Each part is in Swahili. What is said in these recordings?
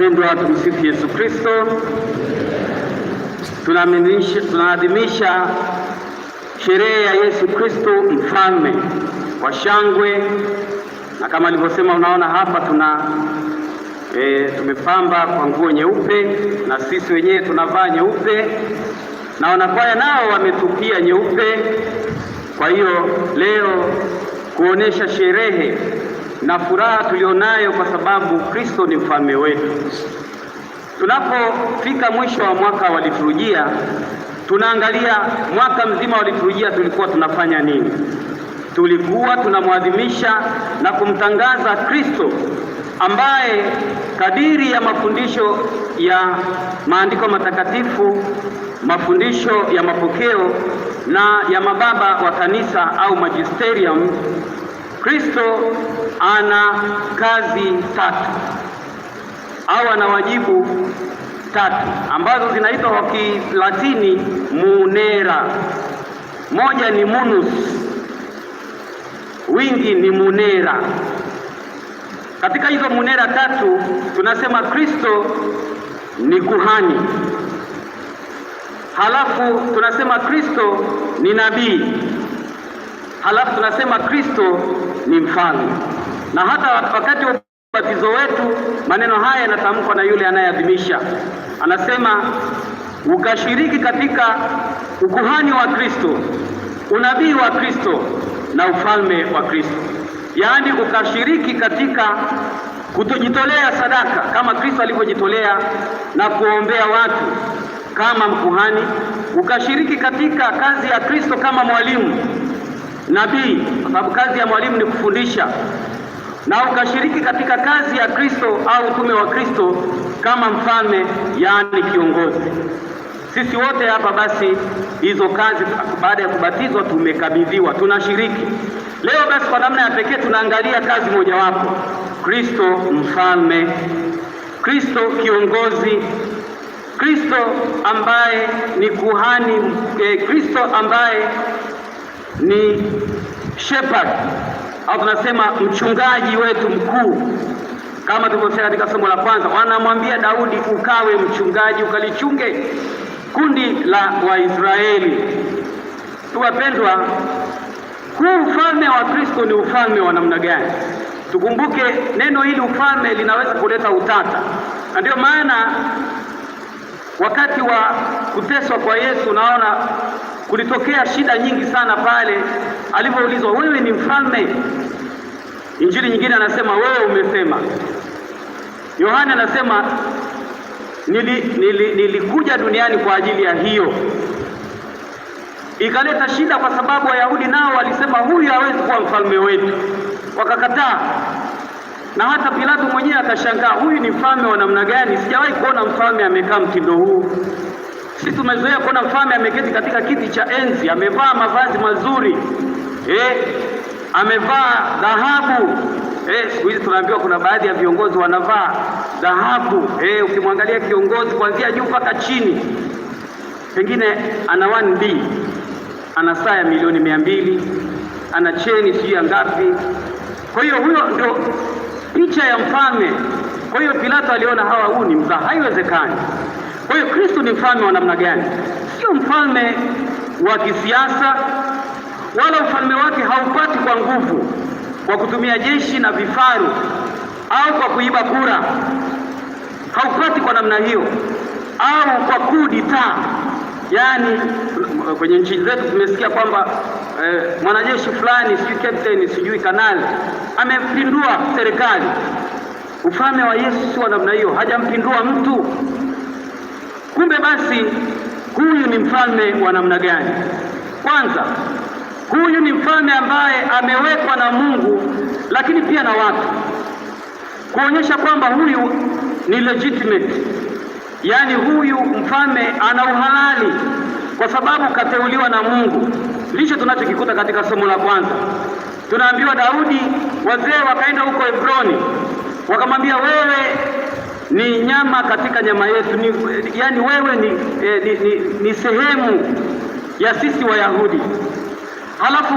Wapendwa, tumsifu Yesu Kristo. Tunaadhimisha sherehe ya Yesu Kristo mfalme wa shangwe, na kama alivyosema, unaona hapa tuna e, tumepamba kwa nguo nyeupe na sisi wenyewe tunavaa nyeupe na wanakwaya nao wametupia nyeupe. Kwa hiyo leo kuonesha sherehe na furaha tulionayo kwa sababu Kristo ni mfalme wetu. Tunapofika mwisho wa mwaka wa liturujia, tunaangalia mwaka mzima wa liturujia tulikuwa tunafanya nini? Tulikuwa tunamwadhimisha na kumtangaza Kristo ambaye kadiri ya mafundisho ya maandiko matakatifu, mafundisho ya mapokeo na ya mababa wa kanisa au magisterium Kristo ana kazi tatu au ana wajibu tatu ambazo zinaitwa kwa Kilatini munera. Moja ni munus, wingi ni munera. Katika hizo munera tatu tunasema Kristo ni kuhani, halafu tunasema Kristo ni nabii halafu tunasema Kristo ni mfalme. Na hata wakati wa ubatizo wetu maneno haya yanatamkwa na yule anayeadhimisha, anasema ukashiriki katika ukuhani wa Kristo, unabii wa Kristo na ufalme wa Kristo, yaani ukashiriki katika kutojitolea sadaka kama Kristo alivyojitolea na kuombea watu kama mkuhani, ukashiriki katika kazi ya Kristo kama mwalimu nabii, kwa sababu kazi ya mwalimu ni kufundisha, na ukashiriki katika kazi ya Kristo au utume wa Kristo kama mfalme, yaani kiongozi. Sisi wote hapa basi, hizo kazi baada ya kubatizwa tumekabidhiwa, tunashiriki leo. Basi kwa namna ya pekee tunaangalia kazi mojawapo, Kristo mfalme, Kristo kiongozi, Kristo ambaye ni kuhani, eh, Kristo ambaye ni shepherd au tunasema mchungaji wetu mkuu, kama tulivyosema katika somo la kwanza, wanamwambia Daudi, ukawe mchungaji ukalichunge kundi la Waisraeli. Tuwapendwa, huu ufalme wa Kristo ni ufalme wa namna gani? Tukumbuke neno hili ufalme linaweza kuleta utata, na ndio maana wakati wa kuteswa kwa Yesu naona kulitokea shida nyingi sana pale alipoulizwa, wewe ni mfalme? Injili nyingine anasema wewe umesema. Yohana anasema nili, nili, nilikuja duniani kwa ajili ya hiyo. Ikaleta shida kwa sababu Wayahudi nao walisema huyu hawezi kuwa mfalme wetu, wakakataa. Na hata Pilato mwenyewe akashangaa, huyu ni mfalme wa namna gani? Sijawahi kuona mfalme amekaa mtindo huu. Sisi tumezoea kuona mfalme ameketi katika kiti cha enzi, amevaa mavazi mazuri eh, amevaa dhahabu eh. Siku hizi tunaambiwa kuna baadhi ya viongozi wanavaa dhahabu eh, ukimwangalia kiongozi kuanzia juu mpaka chini, pengine ana 1B ana saa ya milioni mia mbili ana cheni sijui ya ngapi. Kwa hiyo huyo ndio picha ya mfalme. Kwa hiyo Pilato aliona hawa, huu ni mzaha, haiwezekani. Kwa hiyo Kristo ni mfalme wa namna gani? Sio mfalme wa kisiasa, wala ufalme wake haupati kwa nguvu, kwa kutumia jeshi na vifaru au kwa kuiba kura, haupati kwa namna hiyo, au kwa kudi taa. Yaani kwenye nchi zetu tumesikia kwamba eh, mwanajeshi fulani sijui captain sijui kanali amepindua serikali. Ufalme wa Yesu si wa namna hiyo, hajampindua mtu. Kumbe basi huyu ni mfalme wa namna gani? Kwanza, huyu ni mfalme ambaye amewekwa na Mungu, lakini pia na watu, kuonyesha kwamba huyu ni legitimate, yaani huyu mfalme ana uhalali kwa sababu kateuliwa na Mungu. Ndicho tunachokikuta katika somo la kwanza. Tunaambiwa Daudi, wazee wakaenda huko Hebroni, wakamwambia wewe ni nyama katika nyama yetu, ni, yani wewe ni, eh, ni, ni, ni sehemu ya sisi Wayahudi. Halafu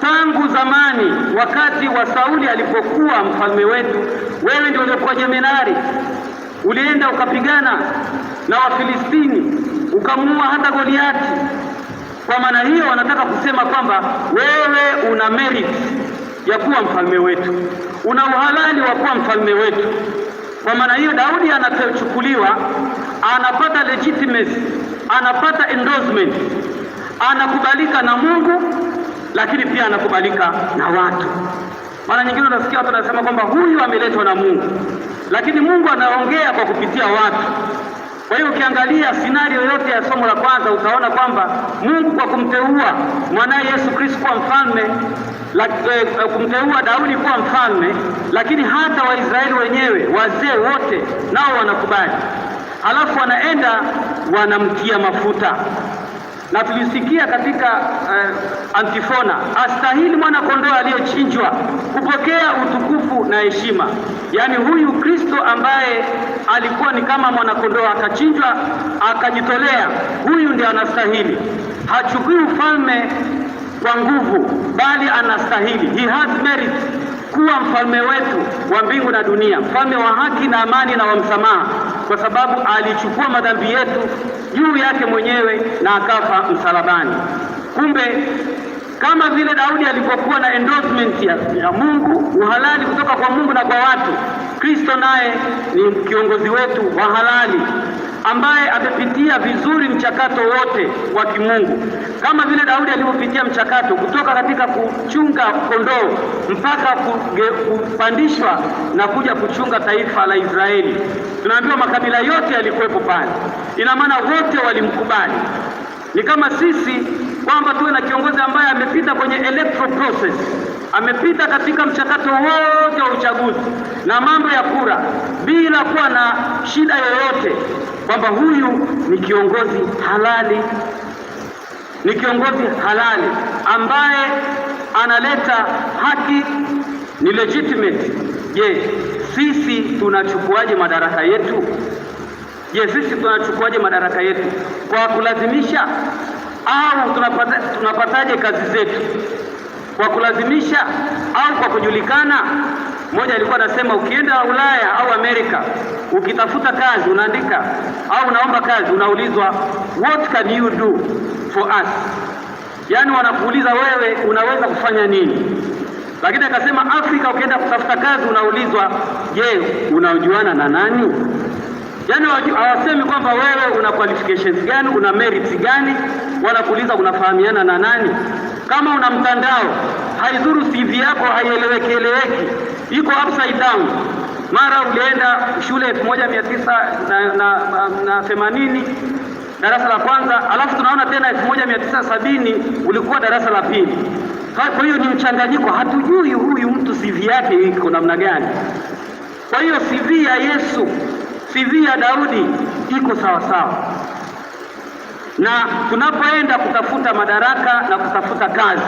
tangu zamani wakati wa Sauli alipokuwa mfalme wetu, wewe ndio uliokuwa jemenari, ulienda ukapigana na Wafilistini ukamuua hata Goliati. Kwa maana hiyo wanataka kusema kwamba wewe una merit ya kuwa mfalme wetu, una uhalali wa kuwa mfalme wetu. Kwa maana hiyo, Daudi anachukuliwa, anapata legitimacy, anapata endorsement, anakubalika na Mungu, lakini pia anakubalika na watu. Mara nyingine unasikia watu wanasema kwamba huyu ameletwa na Mungu, lakini Mungu anaongea kwa kupitia watu. Kwa hiyo ukiangalia sinario yote ya somo la kwanza utaona kwamba Mungu kwa kumteua mwanaye Yesu Kristo kuwa mfalme la, eh, eh, kumteua Daudi kuwa mfalme, lakini hata Waisraeli wenyewe wazee wote nao wanakubali, alafu wanaenda wanamtia mafuta na tulisikia katika uh, antifona, astahili mwana kondoo aliyechinjwa kupokea utukufu na heshima. Yaani huyu Kristo ambaye alikuwa ni kama mwana kondoo akachinjwa akajitolea, huyu ndiye anastahili. Hachukui ufalme kwa nguvu, bali anastahili. He has merit kuwa mfalme wetu wa mbingu na dunia, mfalme wa haki na amani na wa msamaha, kwa sababu alichukua madhambi yetu juu yake mwenyewe na akafa msalabani. Kumbe kama vile Daudi alipokuwa na endorsement ya, ya Mungu, uhalali kutoka kwa Mungu na kwa watu, Kristo naye ni kiongozi wetu wa halali ambaye amepitia vizuri mchakato wote wa kimungu kama vile Daudi alivyopitia mchakato kutoka katika kuchunga kondoo mpaka kupandishwa na kuja kuchunga taifa la Israeli. Tunaambiwa makabila yote yalikuwepo pale, ina maana wote walimkubali. Ni kama sisi kwamba tuwe na kiongozi ambaye amepita kwenye electoral process amepita katika mchakato wote wa uchaguzi na mambo ya kura bila kuwa na shida yoyote, kwamba huyu ni kiongozi halali, ni kiongozi halali ambaye analeta haki, ni legitimate. Je, sisi tunachukuaje madaraka yetu? Je, sisi tunachukuaje madaraka yetu? Kwa kulazimisha au tunapata, tunapataje kazi zetu? kwa kulazimisha au kwa kujulikana. Mmoja alikuwa anasema ukienda Ulaya au Amerika ukitafuta kazi unaandika au unaomba kazi unaulizwa what can you do for us, yaani wanakuuliza wewe unaweza kufanya nini. Lakini akasema Afrika ukienda kutafuta kazi unaulizwa je, unaojuana na nani? Yaani hawasemi kwamba wewe una qualifications gani, una merits gani, wanakuuliza unafahamiana na nani. Kama una mtandao haidhuru, CV yako haieleweki eleweki, iko upside down. Mara ulienda shule elfu moja mia tisa na, na, na themanini darasa la kwanza, alafu tunaona tena elfu moja mia tisa sabini ulikuwa darasa la pili. Kwa hiyo ni mchanganyiko, hatujui huyu mtu CV yake iko namna gani. Kwa hiyo CV ya Yesu, CV ya Daudi iko sawasawa na tunapoenda kutafuta madaraka na kutafuta kazi,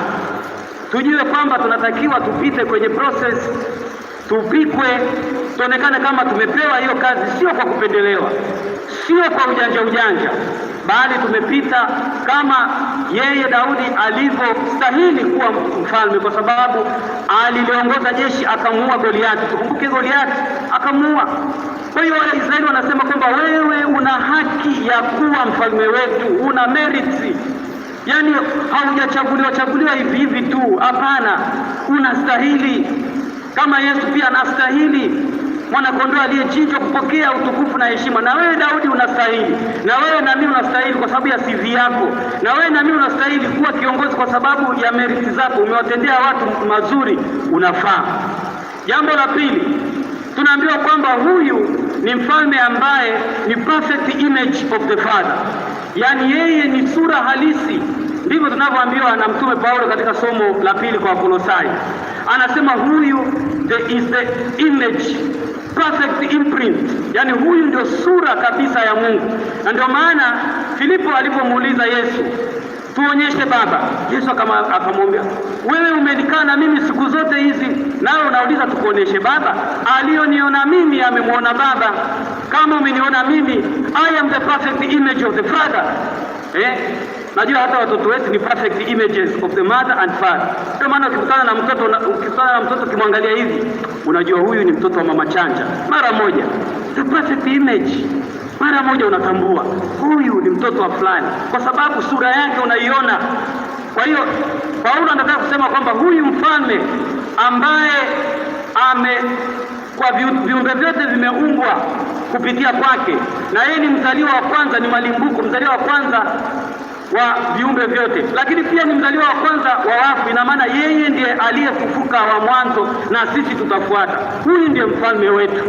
tujue kwamba tunatakiwa tupite kwenye process, tupikwe, tuonekane kama tumepewa hiyo kazi, sio kwa kupendelewa, sio kwa ujanja ujanja bali tumepita kama yeye Daudi alivyostahili kuwa mfalme, kwa sababu aliliongoza jeshi akamuua Goliati. Tukumbuke Goliati akamuua. Kwa hiyo Waisraeli wanasema kwamba wewe una haki ya kuwa mfalme wetu, una merits Yaani haujachaguliwa chaguliwa hivi hivi tu, hapana, unastahili kama Yesu pia anastahili mwanakondoo aliyechinjwa kupokea utukufu na heshima. Na wewe Daudi unastahili, na wewe na mimi unastahili kwa sababu ya CV yako, na wewe na mimi unastahili kuwa kiongozi kwa sababu ya meriti zako, umewatendea watu mazuri, unafaa. Jambo la pili, tunaambiwa kwamba huyu ni mfalme ambaye ni perfect image of the Father, yaani yeye ni sura halisi Ndivyo tunavyoambiwa na Mtume Paulo katika somo la pili kwa Kolosai, anasema huyu the is the image perfect imprint, yani huyu ndio sura kabisa ya Mungu. Na ndio maana Filipo alipomuuliza Yesu, tuonyeshe Baba, Yesu akamwambia, wewe umenikaa na mimi siku zote hizi, nawe unauliza tukuonyeshe Baba? Aliyoniona mimi amemwona Baba. Kama umeniona mimi, I am the perfect image of the Father eh? Najua hata watoto wetu ni perfect images of the mother and father. Ndio maana ukikutana na mtoto ukikutana na mtoto ukimwangalia hivi unajua huyu ni mtoto wa mama chanja, mara moja the perfect image, mara moja unatambua huyu ni mtoto wa fulani, kwa sababu sura yake unaiona. Kwa hiyo Paulo anataka kusema kwamba huyu mfalme ambaye ame kwa viumbe vyote vimeumbwa kupitia kwake, na yeye ni mzaliwa wa kwanza, ni malimbuko, mzaliwa wa kwanza wa viumbe vyote, lakini pia ni mzaliwa wa kwanza wa wafu. Ina maana yeye ndiye aliyefufuka wa mwanzo na sisi tutafuata. Huyu ndiye mfalme wetu,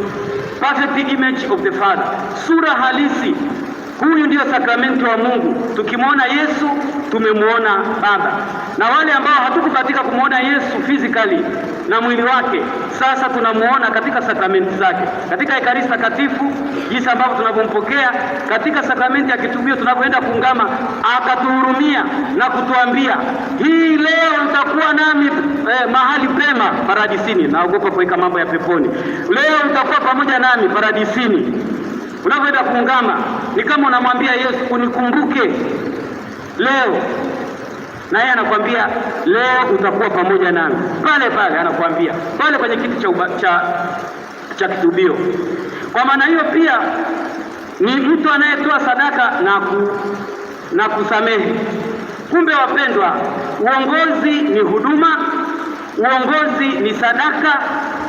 perfect image of the Father, sura halisi Huyu ndiyo sakramenti wa Mungu. Tukimwona Yesu tumemwona Baba, na wale ambao hatukubatika kumwona Yesu fizikali na mwili wake, sasa tunamwona katika sakramenti zake, katika ekaristi takatifu, jinsi ambavyo tunavyompokea, katika sakramenti ya kitubio tunapoenda kuungama, akatuhurumia na kutuambia hii leo utakuwa nami eh, mahali pema paradisini. Naogopa kuweka mambo ya peponi. Leo utakuwa pamoja nami paradisini. Unavyoenda kuungama ni kama unamwambia Yesu, unikumbuke leo, na yeye anakuambia leo utakuwa pamoja nami pale pale, anakuambia pale kwenye kiti cha, cha, cha kitubio. Kwa maana hiyo pia ni mtu anayetoa sadaka na, ku, na kusamehe. Kumbe wapendwa, uongozi ni huduma, uongozi ni sadaka,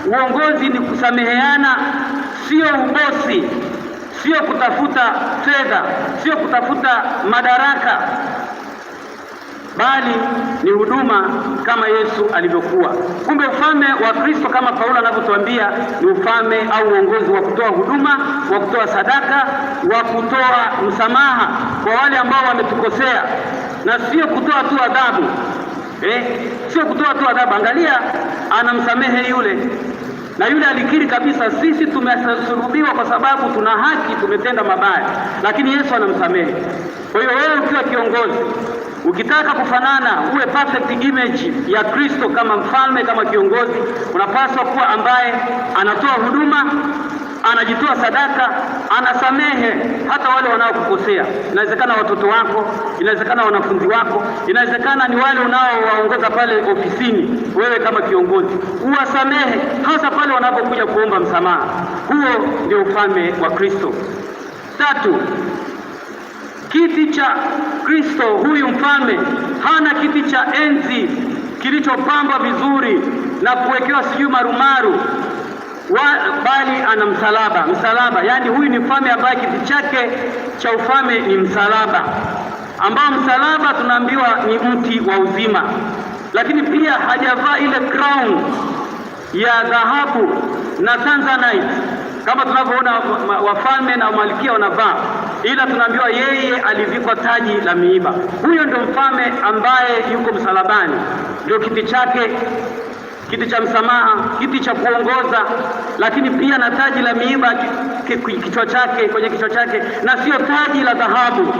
uongozi ni kusameheana, sio ubosi sio kutafuta fedha, sio kutafuta madaraka, bali ni huduma kama Yesu alivyokuwa. Kumbe ufalme wa Kristo kama Paulo anavyotuambia ni ufalme au uongozi wa kutoa huduma, wa kutoa sadaka, wa kutoa msamaha kwa wale ambao wametukosea, na sio kutoa tu adhabu eh, sio kutoa tu adhabu. Angalia, anamsamehe yule na yule alikiri kabisa, sisi tumesulubiwa kwa sababu tuna haki, tumetenda mabaya, lakini Yesu anamsamehe. Kwa hiyo wewe ukiwa kiongozi ukitaka kufanana uwe perfect image ya Kristo kama mfalme, kama kiongozi, unapaswa kuwa ambaye anatoa huduma anajitoa sadaka, anasamehe hata wale wanaokukosea. Inawezekana watoto wako, inawezekana wanafunzi wako, inawezekana ni wale unaowaongoza pale ofisini, wewe kama kiongozi, uwasamehe hasa pale wanapokuja kuomba msamaha. Huo ndio ufalme wa Kristo. Tatu, kiti cha Kristo. Huyu mfalme hana kiti cha enzi kilichopambwa vizuri na kuwekewa sijui marumaru wa, bali ana msalaba msalaba, yaani huyu ni mfalme ambaye kiti chake cha ufalme ni msalaba, ambao msalaba tunaambiwa ni mti wa uzima, lakini pia hajavaa ile crown ya dhahabu na tanzanite kama tunavyoona wafalme na malkia wanavaa, ila tunaambiwa yeye alivikwa taji la miiba. Huyo ndio mfalme ambaye yuko msalabani, ndio kiti chake kiti cha msamaha, kiti cha kuongoza, lakini pia na taji la miiba kichwa chake, kwenye kichwa chake, na sio taji la dhahabu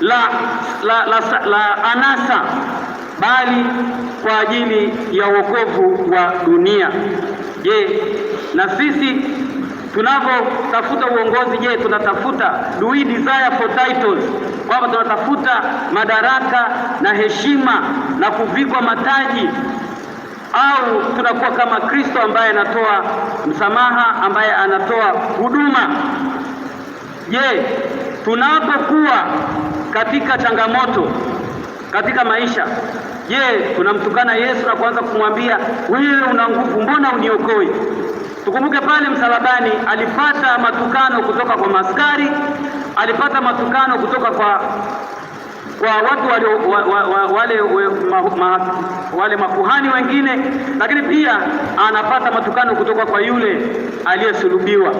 la, la, la, la, la anasa, bali kwa ajili ya wokovu wa dunia. Je, na sisi tunapotafuta uongozi, je, tunatafuta do we desire for titles, kwamba tunatafuta madaraka na heshima na kuvikwa mataji au tunakuwa kama Kristo ambaye anatoa msamaha, ambaye anatoa huduma? Je, tunapokuwa katika changamoto katika maisha, je, tunamtukana Yesu na kuanza kumwambia wewe una nguvu, mbona uniokoi? Tukumbuke pale msalabani alipata matukano kutoka kwa maskari, alipata matukano kutoka kwa kwa watu wale, wale, wale, wale makuhani wengine, lakini pia anapata matukano kutoka kwa yule aliyesulubiwa.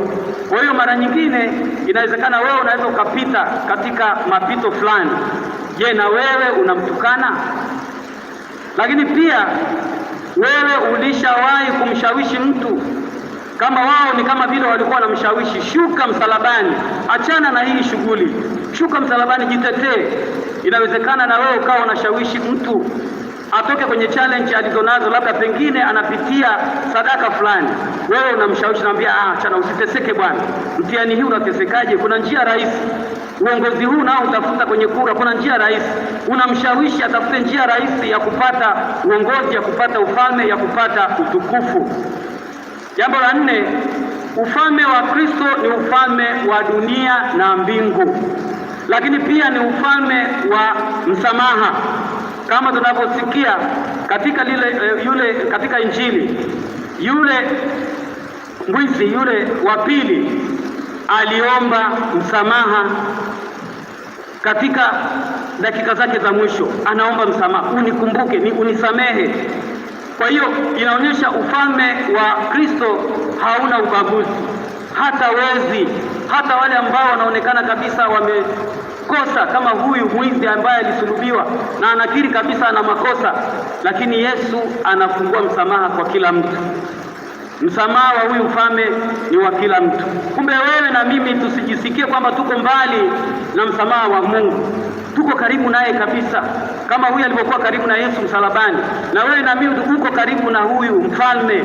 Kwa hiyo mara nyingine inawezekana wewe unaweza ukapita katika mapito fulani. Je, na wewe unamtukana? Lakini pia wewe ulishawahi kumshawishi mtu kama wao ni kama vile walikuwa wanamshawishi, shuka msalabani, achana na hii shughuli, shuka msalabani, jitetee. Inawezekana na wewe ukawa unashawishi mtu atoke kwenye challenge alizonazo, labda pengine anapitia sadaka fulani, wewe unamshawishi, naambia ah, achana, usiteseke bwana, mtihani hii unatesekaje? Kuna njia rahisi. Uongozi huu nao utafuta kwenye kura, kuna njia rahisi. Unamshawishi atafute njia rahisi ya kupata uongozi, ya kupata ufalme, ya kupata utukufu. Jambo la nne, ufalme wa Kristo ni ufalme wa dunia na mbingu, lakini pia ni ufalme wa msamaha kama tunavyosikia katika lile eh, yule katika Injili, yule mwizi yule wa pili aliomba msamaha katika dakika zake za mwisho, anaomba msamaha, unikumbuke ni unisamehe. Kwa hiyo inaonyesha ufalme wa Kristo hauna ubaguzi, hata wezi, hata wale ambao wanaonekana kabisa wamekosa, kama huyu mwizi ambaye alisulubiwa na anakiri kabisa ana makosa, lakini Yesu anafungua msamaha kwa kila mtu. Msamaha wa huyu mfalme ni wa kila mtu. Kumbe wewe na mimi tusijisikie kwamba tuko mbali na msamaha wa Mungu tuko karibu naye kabisa, kama huyu alivyokuwa karibu na Yesu msalabani, na wewe na mimi uko karibu na huyu mfalme,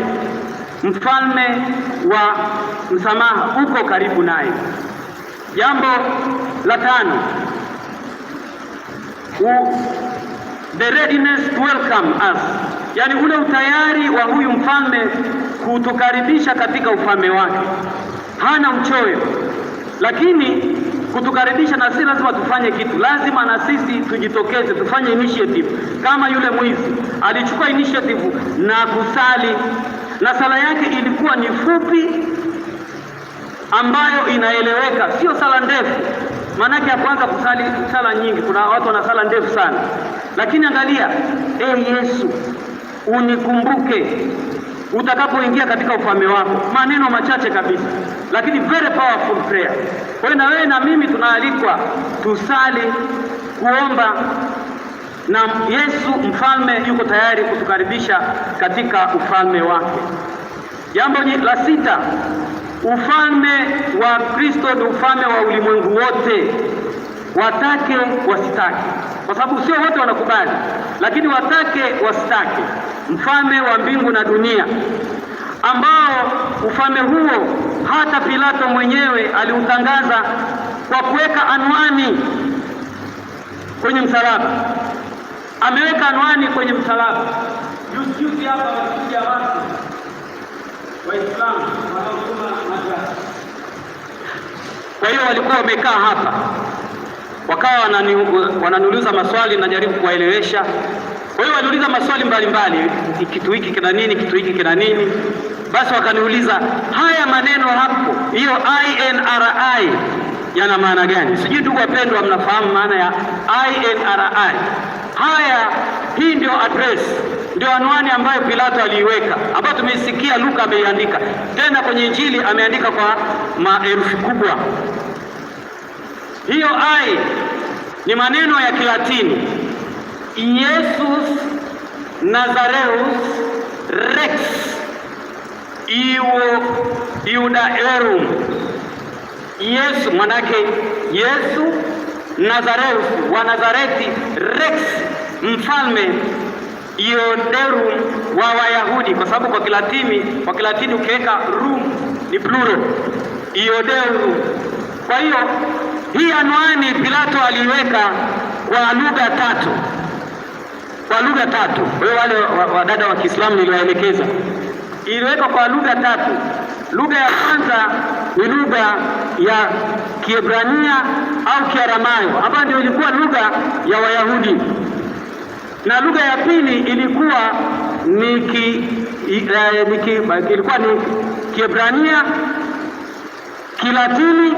mfalme wa msamaha, uko karibu naye. Jambo la tano, the readiness to welcome us, yaani ule utayari wa huyu mfalme kutukaribisha katika ufalme wake. Hana mchoyo, lakini kutukaribisha, na si lazima tufanye kitu, lazima na sisi tujitokeze, tufanye initiative. Kama yule mwizi alichukua initiative na kusali, na sala yake ilikuwa ni fupi ambayo inaeleweka, sio sala ndefu. Maanake ya kwanza kusali sala nyingi, kuna watu wana sala ndefu sana, lakini angalia, e Yesu unikumbuke utakapoingia katika ufalme wako. Maneno machache kabisa, lakini very powerful prayer. Kwa hiyo na wewe na mimi tunaalikwa tusali, kuomba na Yesu mfalme yuko tayari kutukaribisha katika ufalme wake. Jambo la sita, ufalme wa Kristo ni ufalme wa ulimwengu wote watake wasitake, kwa sababu sio wote wanakubali, lakini watake wasitake, mfalme wa mbingu na dunia, ambao ufalme huo hata Pilato mwenyewe aliutangaza kwa kuweka anwani kwenye msalaba. Ameweka anwani kwenye msalaba. Juzi hapa wakija watu Waislamu wanaosoma madrasa, kwa hiyo walikuwa wamekaa hapa wakawa wanani, wananiuliza maswali najaribu kuwaelewesha. Kwa hiyo waliuliza maswali mbalimbali mbali, kitu hiki kina nini, kitu hiki kina nini. Basi wakaniuliza haya maneno hapo, hiyo INRI yana maana gani? Sijui ndugu wapendwa, mnafahamu maana ya INRI? Haya, hii ndio address, ndio anwani ambayo Pilato aliiweka, ambayo tumeisikia Luka ameiandika, tena kwenye Injili ameandika kwa maherufi kubwa. Hiyo ai ni maneno ya Kilatini Iesus Nazareus Rex Iwo Iudaerum. Yesu manake Yesu Nazareus wa Nazareti, Rex mfalme, Ioderum wa Wayahudi, kwa sababu kwa Kilatini kwa Kilatini ukiweka rum ni plural Ioderum. Kwa hiyo hii anwani Pilato aliiweka kwa lugha tatu, kwa lugha tatu. Wewe wale wadada wa, wa, wa Kiislamu niliwaelekeza, iliwekwa kwa lugha tatu. Lugha ya kwanza ni lugha ya Kiebrania au Kiaramayo ambayo ndio ilikuwa lugha ya Wayahudi, na lugha ya pili ilikuwa ni ki, eh, ilikuwa ni Kiebrania Kilatini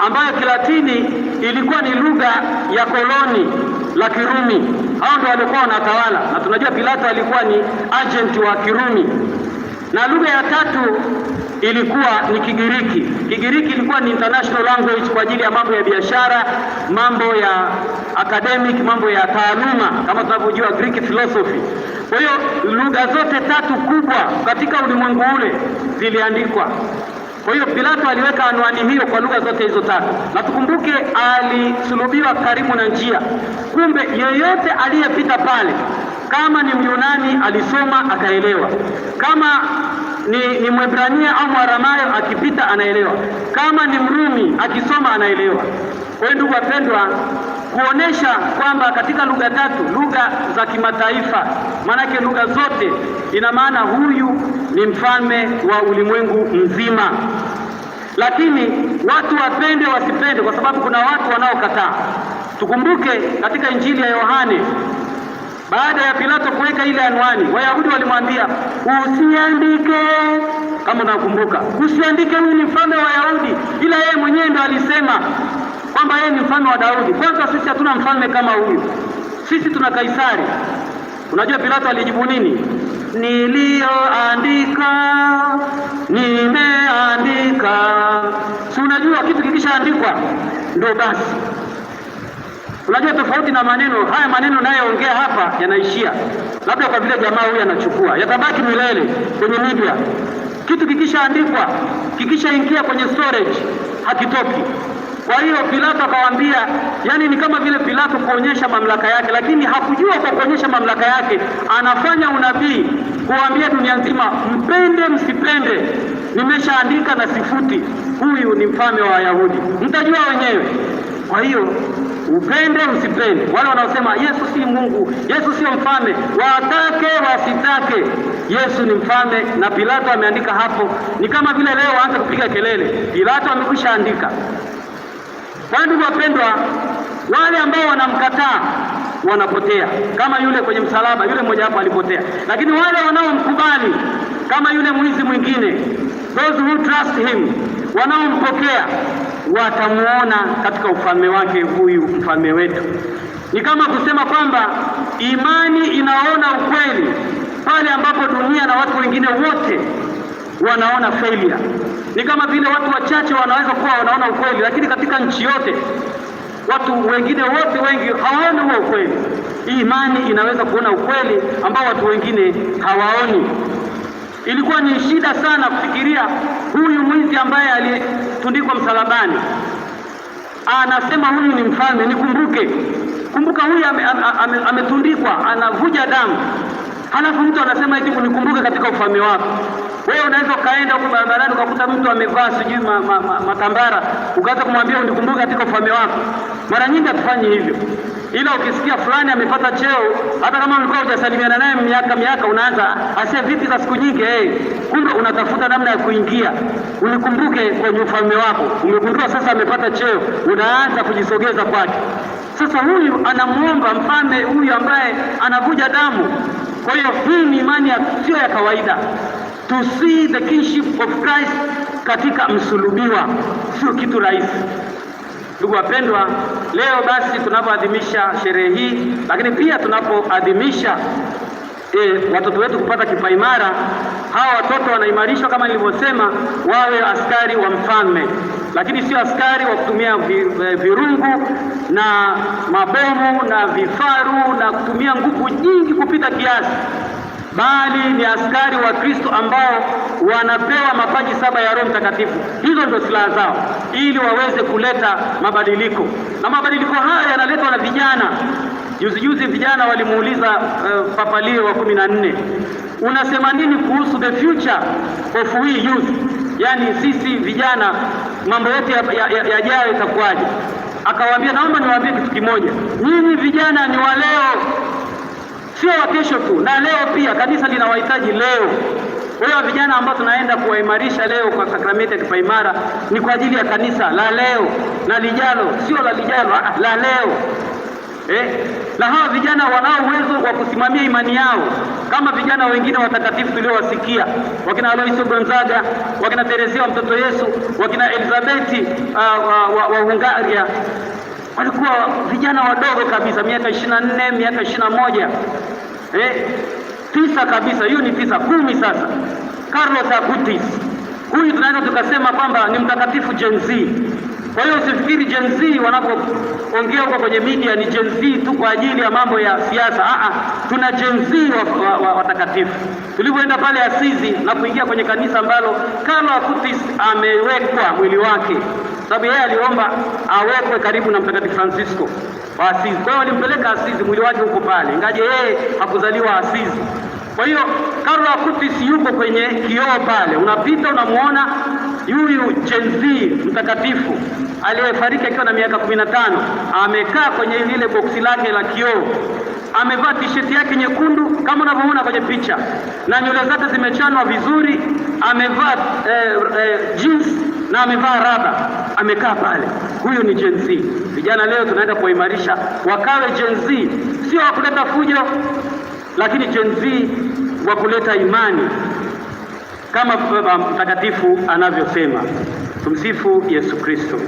ambayo Kilatini ilikuwa ni lugha ya koloni la Kirumi. Hao ndio walikuwa wanatawala, na tunajua Pilato alikuwa ni agent wa Kirumi. Na lugha ya tatu ilikuwa ni Kigiriki. Kigiriki ilikuwa ni international language kwa ajili ya mambo ya biashara, mambo ya academic, mambo ya taaluma, kama tunavyojua Greek philosophy. Kwa hiyo lugha zote tatu kubwa katika ulimwengu ule ziliandikwa. Kwa hiyo Pilato aliweka anwani hiyo kwa lugha zote hizo tatu, na tukumbuke alisulubiwa karibu na njia. Kumbe yeyote aliyepita pale, kama ni Myunani alisoma akaelewa, kama ni, ni Mwebrania au Mwaramayo akipita anaelewa, kama ni Mrumi akisoma anaelewa. Kwa hiyo ndugu wapendwa kuonesha kwamba katika lugha tatu, lugha za kimataifa, maanake lugha zote, ina maana huyu ni mfalme wa ulimwengu mzima. Lakini watu wapende wasipende, kwa sababu kuna watu wanaokataa. Tukumbuke katika Injili ya Yohane baada ya Pilato kuweka ile anwani, Wayahudi walimwambia usiandike, kama unakumbuka, usiandike huyu ni mfalme wa Wayahudi, ila yeye mwenyewe ndo alisema kwamba yeye ni mfalme wa Daudi. Kwanza sisi hatuna mfalme kama huyu, sisi tuna Kaisari. Unajua Pilato alijibu nini? Niliyoandika nimeandika. Si unajua kitu kikishaandikwa ndio basi. Unajua tofauti na maneno haya, maneno nayoongea hapa yanaishia labda, kwa vile jamaa huyu anachukua, yatabaki milele kwenye media. Kitu kikishaandikwa, kikishaingia kwenye storage, hakitoki. Kwa hiyo Pilato akawaambia, yani ni kama vile Pilato kuonyesha mamlaka yake, lakini hakujua kwa kuonyesha mamlaka yake anafanya unabii kuambia dunia nzima, mpende msipende, nimeshaandika na sifuti, huyu ni mfalme wa Wayahudi, mtajua wenyewe. Kwa hiyo upende msipende, wale wanaosema Yesu si Mungu, Yesu sio mfalme, watake wasitake, Yesu ni mfalme na Pilato ameandika hapo. Ni kama vile leo waanze kupiga kelele, Pilato amekwisha andika. Kwa ndugu wapendwa, wale ambao wanamkataa wanapotea, kama yule kwenye msalaba, yule mmoja hapo alipotea, lakini wale wanaomkubali kama yule mwizi mwingine, those who trust him, wanaompokea watamuona katika ufalme wake. Huyu mfalme wetu ni kama kusema kwamba imani inaona ukweli pale ambapo dunia na watu wengine wote wanaona failure. Ni kama vile watu wachache wanaweza kuwa wanaona ukweli, lakini katika nchi yote watu wengine wote wengi hawaoni huo ukweli. imani inaweza kuona ukweli ambao watu wengine hawaoni. Ilikuwa ni shida sana kufikiria huyu mwizi ambaye aliyetundikwa msalabani, anasema huyu ni mfalme. Nikumbuke, kumbuka, huyu ametundikwa, anavuja damu Halafu mtu anasema eti kunikumbuka katika ufalme wako. Wewe unaweza ukaenda huko barabarani ukakuta mtu amevaa sijui ma, ma, ma, matambara ukaanza kumwambia unikumbuke katika ufalme wako. Mara nyingi hatufanyi hivyo, ila ukisikia fulani amepata cheo, hata kama ulikuwa hujasalimiana naye miaka miaka, unaanza asia vipi za siku nyingi, hey. Eh? Kumbe unatafuta namna ya kuingia, unikumbuke kwenye ufalme wako. Umegundua sasa amepata cheo, unaanza kujisogeza kwake. Sasa huyu anamwomba mfalme huyu ambaye anavuja damu. Kwa hiyo hii ni imani sio ya kawaida, to see the kingship of Christ katika msulubiwa sio kitu rahisi. Ndugu wapendwa, leo basi tunapoadhimisha sherehe hii, lakini pia tunapoadhimisha E, watoto wetu kupata kipaimara. Hawa watoto wanaimarishwa kama nilivyosema, wawe askari wa mfalme lakini sio askari wa kutumia eh, virungu na mabomu na vifaru na kutumia nguvu nyingi kupita kiasi, bali ni askari wa Kristo ambao wanapewa mapaji saba ya Roho Mtakatifu. Hizo ndio silaha zao, ili waweze kuleta mabadiliko, na mabadiliko haya yanaletwa na vijana. Juzi juzi vijana walimuuliza uh, Papa Leo wa kumi na nne, unasema nini kuhusu the future of we youth, yaani sisi vijana mambo yote yajayo itakuwaje? Akawaambia, naomba niwaambie kitu kimoja, nyinyi vijana ni wa leo, sio wa kesho tu, na leo pia. Kanisa linawahitaji leo. hiyo vijana ambao tunaenda kuwaimarisha leo kwa sakramenti ya kipaimara ni kwa ajili ya kanisa la leo na lijalo, sio la lijalo, ah, la leo eh, na hawa vijana wanao uwezo wa kusimamia imani yao kama vijana wengine watakatifu tuliowasikia wakina Aloyce Gonzaga, wakina Teresia wa mtoto Yesu, wakina Elizabeti uh, wa, wa, wa Hungaria walikuwa vijana wadogo kabisa miaka 24 na nne miaka 21 moja eh, tisa kabisa, hiyo ni tisa kumi. Sasa Carlos Acutis huyu tunaweza tukasema kwamba ni mtakatifu Gen Z. Kwa yaani hiyo usifikiri Gen Z wanapoongea huko kwenye media ni Gen Z tu kwa ajili ya mambo ya siasa. Aa, tuna Gen Z watakatifu wa, wa tulivyoenda pale Asizi na kuingia kwenye kanisa ambalo Carlo Acutis amewekwa mwili wake, sababu yeye aliomba awekwe karibu na Mtakatifu Francisco wa Asizi. Kwa hiyo walimpeleka Asizi, mwili wake huko pale, ingaje yeye hakuzaliwa Asizi. Kwa hiyo Karla Kutisi yuko kwenye kioo pale, unapita unamwona yuyu Gen Z mtakatifu aliyefariki akiwa na miaka 15 amekaa kwenye lile boksi lake la kioo, amevaa tisheti yake nyekundu kama unavyoona kwenye picha na nywele zake zimechanwa vizuri, amevaa eh, eh, jeans na amevaa raba, amekaa pale. Huyu ni Gen Z. Vijana leo tunaenda kuwaimarisha wakawe Gen Z, sio wakuleta fujo lakini Gen Z wa kuleta imani kama Baba Mtakatifu anavyosema. Tumsifu Yesu Kristo.